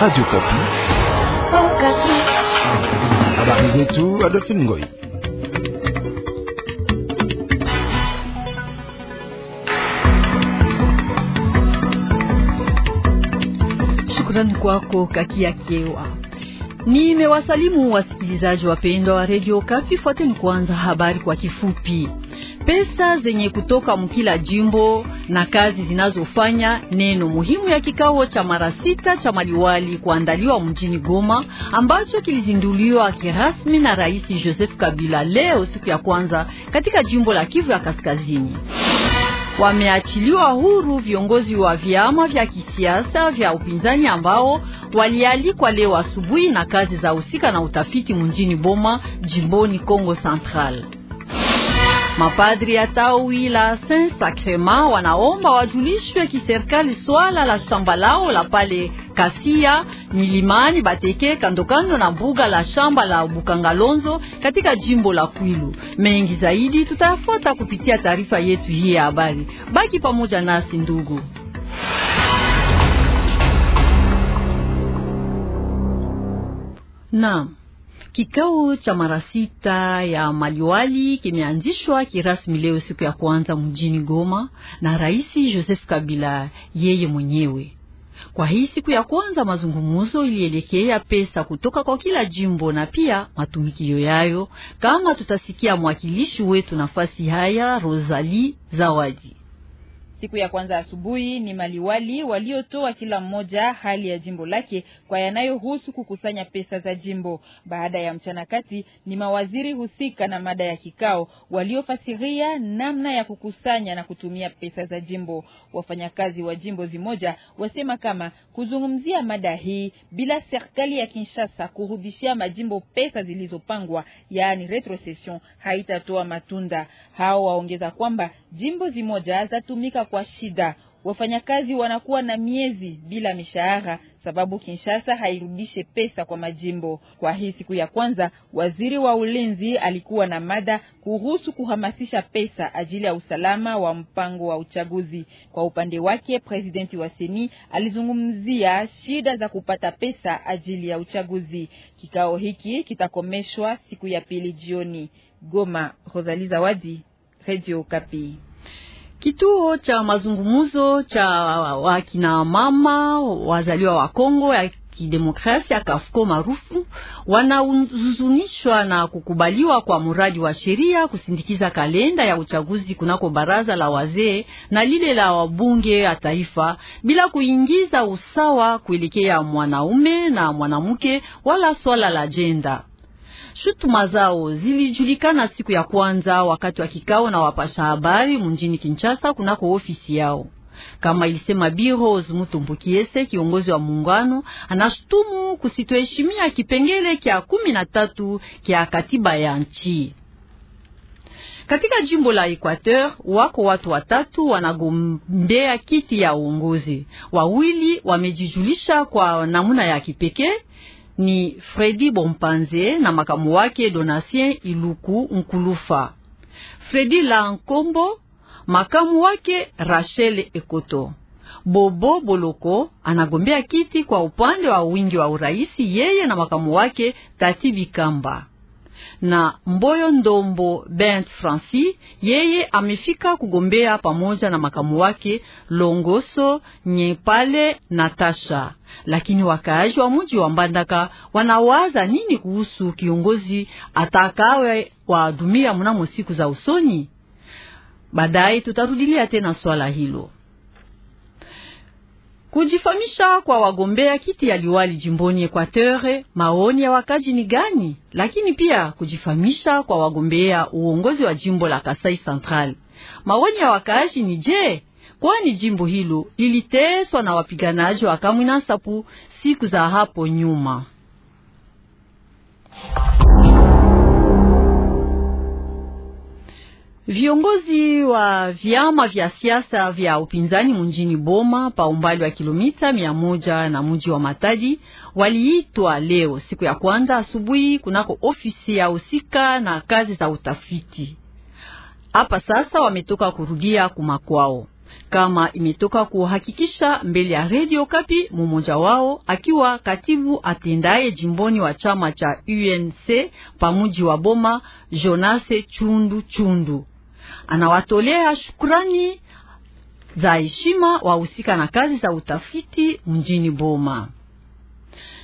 Radio Kapi. Oh, Kapi. Habari zetu Adolphine Ngoy. Shukrani kwako Kakia Kiewa. Nimewasalimu wasikilizaji wapendwa wa Radio Kapi, fuateni kwanza habari kwa kifupi pesa zenye kutoka mkila jimbo na kazi zinazofanya, neno muhimu ya kikao cha mara sita cha maliwali kuandaliwa mjini Goma, ambacho kilizinduliwa kirasmi na Rais Joseph Kabila leo siku ya kwanza katika jimbo la Kivu ya Kaskazini. Wameachiliwa huru viongozi wa vyama vya kisiasa vya upinzani ambao walialikwa leo asubuhi na kazi za husika na utafiti mjini Boma, jimboni Kongo Central. Mapadri ya tawi la Saint Sacrema wanaomba wajulishwe kiserikali swala la shamba lao la pale Kasia milimani Bateke kandokando na mbuga la shamba la Bukangalonzo katika jimbo la Kwilu. Mengi zaidi tutayafuata kupitia taarifa yetu hii ya habari. Baki pamoja nasi ndugu. Naam. Kikao cha mara sita ya maliwali kimeanzishwa kirasmi leo siku ya kwanza mjini Goma na Rais Joseph Kabila yeye mwenyewe. Kwa hii siku ya kwanza mazungumzo ilielekea pesa kutoka kwa kila jimbo na pia matumikio yayo, kama tutasikia mwakilishi wetu nafasi haya Rosalie Zawadi. Siku ya kwanza asubuhi ni maliwali waliotoa kila mmoja hali ya jimbo lake kwa yanayohusu kukusanya pesa za jimbo. Baada ya mchana kati ni mawaziri husika na mada ya kikao waliofasiria namna ya kukusanya na kutumia pesa za jimbo. Wafanyakazi wa jimbo zimoja wasema kama kuzungumzia mada hii bila serikali ya Kinshasa kurudishia majimbo pesa zilizopangwa, yaani retrocession, haitatoa matunda. Hao waongeza kwamba jimbo zimoja zatumika kwa shida. Wafanyakazi wanakuwa na miezi bila mishahara sababu Kinshasa hairudishe pesa kwa majimbo. Kwa hii siku ya kwanza, waziri wa ulinzi alikuwa na mada kuhusu kuhamasisha pesa ajili ya usalama wa mpango wa uchaguzi. Kwa upande wake, presidenti wa Seni alizungumzia shida za kupata pesa ajili ya uchaguzi. Kikao hiki kitakomeshwa siku ya pili jioni. Goma, rosali Zawadi, Radio Kapi. Kituo cha mazungumzo cha wakina mama wazaliwa wa Kongo ya kidemokrasia Kafuko maarufu wanahuzunishwa na kukubaliwa kwa mradi wa sheria kusindikiza kalenda ya uchaguzi kunako baraza la wazee na lile la wabunge ya taifa bila kuingiza usawa kuelekea mwanaume na mwanamke wala swala la jenda. Shutuma zao zilijulikana siku ya kwanza wakati wa kikao na wapasha habari mjini Kinshasa kunako ofisi yao. Kama ilisema Bi Rose Mutumbukiese, kiongozi wa muungano, anashutumu kusitoheshimia kipengele kya kumi na tatu kya katiba ya nchi. Katika jimbo la Equateur wako watu watatu wanagombea kiti ya uongozi. Wawili wamejijulisha kwa namuna ya kipekee ni Fredi Bompanze na makamu wake Donatien Iluku Nkulufa, Fredi la Nkombo makamu wake Rachel Ekoto. Bobo Boloko anagombea kiti kwa upande wa wingi wa uraisi, yeye na makamu wake Tati Bikamba na Mboyo Ndombo Bent Francis, yeye amefika kugombea pamoja na makamu wake Longoso Nyepale Natasha. Lakini wakaaji wa mji wa Mbandaka wanawaza nini kuhusu kiongozi atakawe waadumia mnamo siku za usoni? Baadaye tutarudilia tena swala hilo kujifamisha kwa wagombea kiti ya liwali jimboni Ekwateur, maoni ya wakaji ni gani? Lakini pia kujifamisha kwa wagombea uongozi wa jimbo la Kasai Central, maoni ya wakaji ni je, kwani jimbo hilo liliteswa na wapiganaji wa Kamwina Nsapu siku za hapo nyuma. Viongozi wa vyama vya siasa vya upinzani mjini Boma pa umbali wa kilomita mia moja na mji wa Matadi waliitwa leo siku ya kwanza asubuhi kunako ofisi ya husika na kazi za utafiti. Hapa sasa wametoka kurudia kumakwao kama imetoka kuhakikisha mbele ya redio Kapi, mmoja wao akiwa katibu atendaye jimboni wa chama cha UNC pamuji wa Boma, Jonase Chundu Chundu Anawatolea shukrani za heshima wahusika na kazi za utafiti mjini Boma.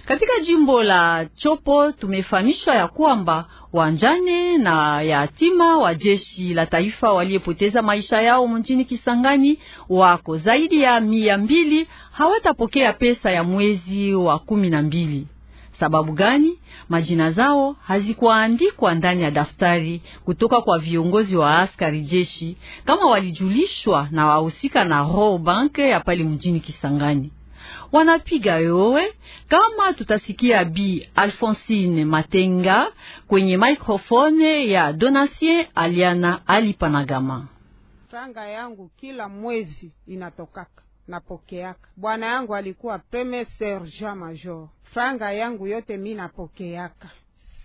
Katika jimbo la Chopo tumefahamishwa ya kwamba wanjane na yatima wa jeshi la taifa waliopoteza maisha yao mjini Kisangani wako zaidi ya mia mbili hawatapokea pesa ya mwezi wa kumi na mbili. Sababu gani? Majina zao hazikuandikwa ndani ya daftari kutoka kwa viongozi wa askari jeshi, kama walijulishwa na wahusika na Roho Banke ya pale mjini Kisangani. Wanapiga yowe kama tutasikia Bi Alfonsine Matenga kwenye microphone ya Donatien Aliana Alipanagama. Franga yangu kila mwezi inatokaka, napokeaka. Bwana yangu alikuwa premier sergent major franga yangu yote mi napokeaka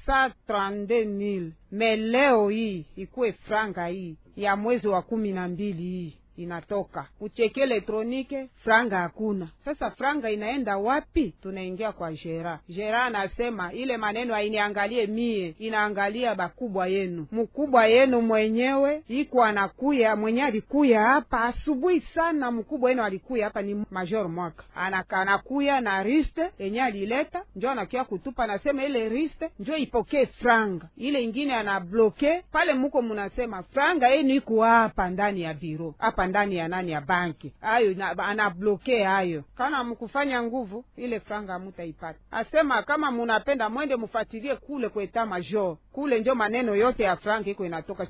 sa trente mille me leo hii ikuwe franga hii ya mwezi wa kumi na mbili hii inatoka ucheki elektronike, franga hakuna. Sasa franga inaenda wapi? Tunaingia kwa jera jera, anasema ile maneno ainiangalie mie, inaangalia bakubwa yenu, mkubwa yenu mwenyewe iko anakuya, mwenye alikuya hapa asubuhi sana. Mkubwa yenu alikuya hapa ni major mwaka anakanakuya na riste yenye alileta, njo anakia kutupa, anasema ile riste njo ipokee franga ile ingine, anabloke pale, muko munasema franga yenu iko hapa ndani ya biro hapa ndani ya nani ya banki ayo na, anabloke hayo. Kana mkufanya nguvu ile franga mutaipata. Asema kama munapenda mwende mufatilie kule kweta major kule, njo maneno yote ya franga iko inatoka.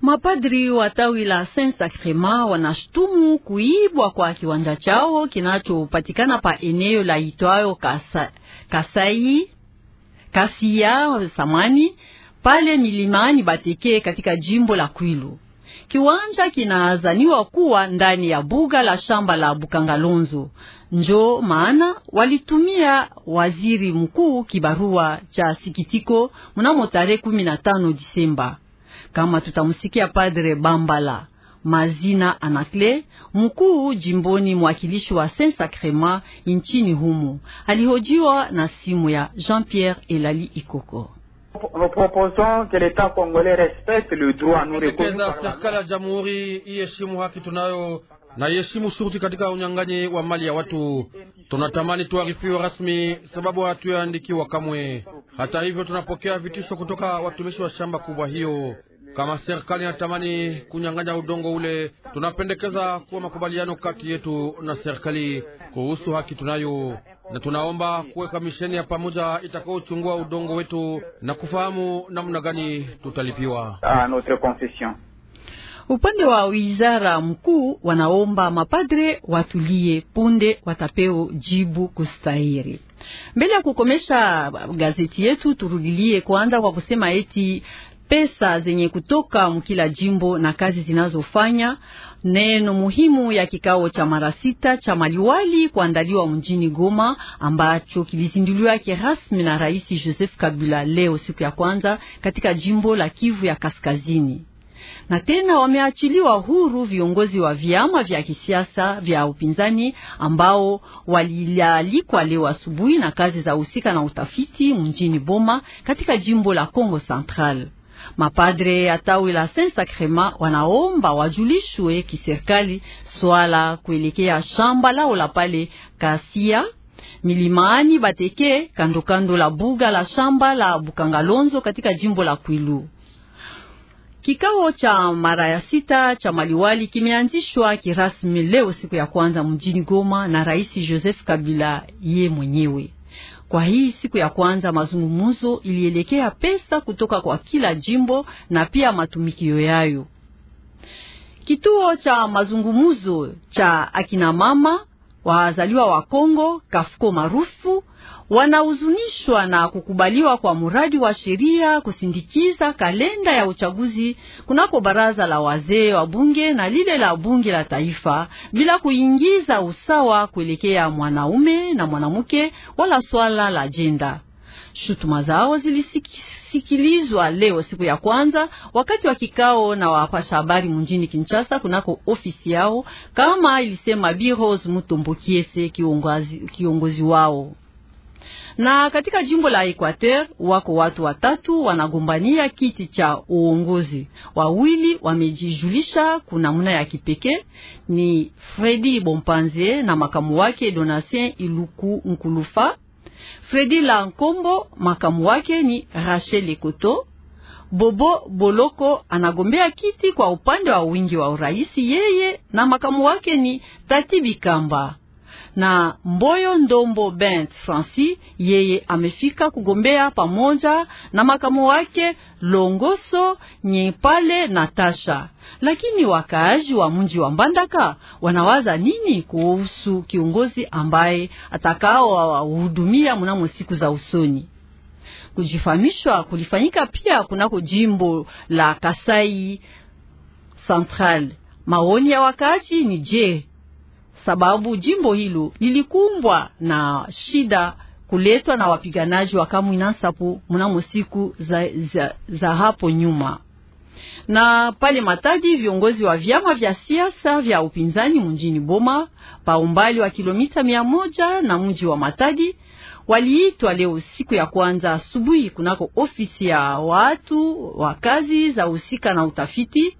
Mapadri wa tawi la Saint Sacrement wanashutumu kuibwa kwa kiwanja chao kinachopatikana pa eneo la itwayo Kasa, Kasai Kasia samani pale milimani Bateke katika jimbo la Kwilu. Kiwanja kinaazaniwa kuwa ndani ya buga la shamba la Bukangalonzo. Njo maana walitumia waziri mkuu kibarua cha sikitiko mnamo tarehe tano Disemba, kama tutamsikia Padre Bambala Mazina anacle mkuu jimboni mwakilishi wa Saint Sacrement nchini humo, alihojiwa na simu ya Jean-Pierre Elali Ikoko. Nous proposons que l'État congolais respecte le droit nous rekupendeza serikali ya jamhuri iheshimu haki tunayo na iheshimu shurti katika unyang'anyi wa mali ya watu. Tunatamani tuarifiwe rasmi, sababu hatuyaandikiwa kamwe. Hata hivyo, tunapokea vitisho kutoka watumishi wa shamba kubwa hiyo. Kama serikali inatamani kunyang'anya udongo ule, tunapendekeza kuwa makubaliano kati yetu na serikali kuhusu haki tunayo na tunaomba kuweka misheni ya pamoja itakayochungua udongo wetu na kufahamu namna gani tutalipiwa ah, upande wa wizara mkuu wanaomba mapadre watulie punde watapeo jibu kustahiri. Mbele ya kukomesha gazeti yetu, turudilie kwanza kwa kusema eti pesa zenye kutoka mkila jimbo na kazi zinazofanya Neno muhimu ya kikao cha mara sita cha maliwali kuandaliwa mjini Goma ambacho kilizinduliwa kirasmi na Rais Joseph Kabila leo siku ya kwanza katika jimbo la Kivu ya Kaskazini. Na tena wameachiliwa huru viongozi wa vyama vya kisiasa vya upinzani ambao walialikwa leo asubuhi na kazi za husika na utafiti mjini Boma katika jimbo la Congo Central. Mapadre ya tawi la Saint Sacrement wanaomba wajulishwe kiserikali swala kuelekea shamba lao la pale Kasia milimani Bateke kandokando la buga la shamba la Bukangalonzo katika jimbo la Kwilu. Kikao cha mara ya sita cha maliwali kimeanzishwa kirasmi leo siku ya kwanza mjini Goma na Rais Joseph Kabila ye mwenyewe. Kwa hii siku ya kwanza mazungumzo ilielekea pesa kutoka kwa kila jimbo na pia matumikio yayo. Kituo cha mazungumzo cha akinamama wazaliwa wa Kongo Kafuko maarufu wanahuzunishwa na kukubaliwa kwa mradi wa sheria kusindikiza kalenda ya uchaguzi kunako baraza la wazee wa bunge na lile la bunge la taifa bila kuingiza usawa kuelekea mwanaume na mwanamke wala swala la jenda. Shutuma zao zilisikilizwa leo siku ya kwanza wakati wa kikao na wapasha habari mjini Kinshasa kunako ofisi yao, kama ilisema Biros Mutombokiese kiongozi, kiongozi wao na katika jimbo la Equateur wako watu watatu wanagombania kiti cha uongozi. Wawili wamejijulisha kuna muna ya kipekee ni Fredi Bompanze na makamu wake Donatien Iluku Nkulufa Fredi Lankombo, makamu wake ni Rachel Ekoto. Bobo Boloko anagombea kiti kwa upande wa wingi wa uraisi yeye na makamu wake ni Tati Bikamba na Mboyo Ndombo Bent franci yeye amefika kugombea pamoja na makamo wake Longoso Nyepale Natasha. Lakini wakaaji wa mji wa Mbandaka wanawaza nini kuhusu kiongozi ambaye atakaowahudumia mnamo siku za usoni? Kujifahamishwa kulifanyika pia kunako jimbo la Kasai Central. Maoni ya wakaaji ni je, sababu jimbo hilo lilikumbwa na shida kuletwa na wapiganaji wa Kamwina Nsapu mnamo siku za, za, za hapo nyuma. Na pale Matadi, viongozi wa vyama vya siasa vya upinzani mjini Boma pa umbali wa kilomita mia moja na mji wa Matadi waliitwa leo siku ya kwanza asubuhi kunako ofisi ya watu wa kazi za husika na utafiti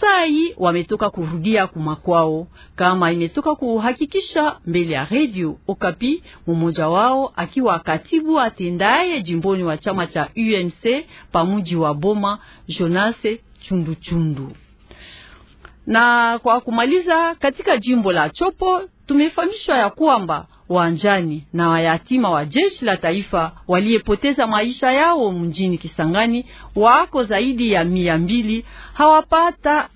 Sai wametoka kurudia kumakwao, kama imetoka kuhakikisha mbele ya redio Okapi, mmoja wao akiwa katibu atendaye jimboni wa chama cha UNC pamuji wa Boma, Jonase Chunduchundu. Na kwa kumaliza, katika jimbo la Chopo tumefahamishwa ya kwamba wanjani na wayatima wa jeshi la taifa waliyepoteza maisha yao mjini Kisangani wako zaidi ya mia mbili hawapata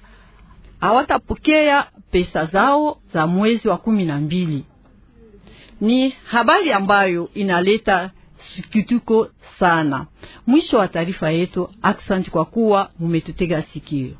hawatapokea pesa zao za mwezi wa kumi na mbili. Ni habari ambayo inaleta sikituko sana. Mwisho wa taarifa yetu. Aksanti kwa kuwa mumetutega sikio.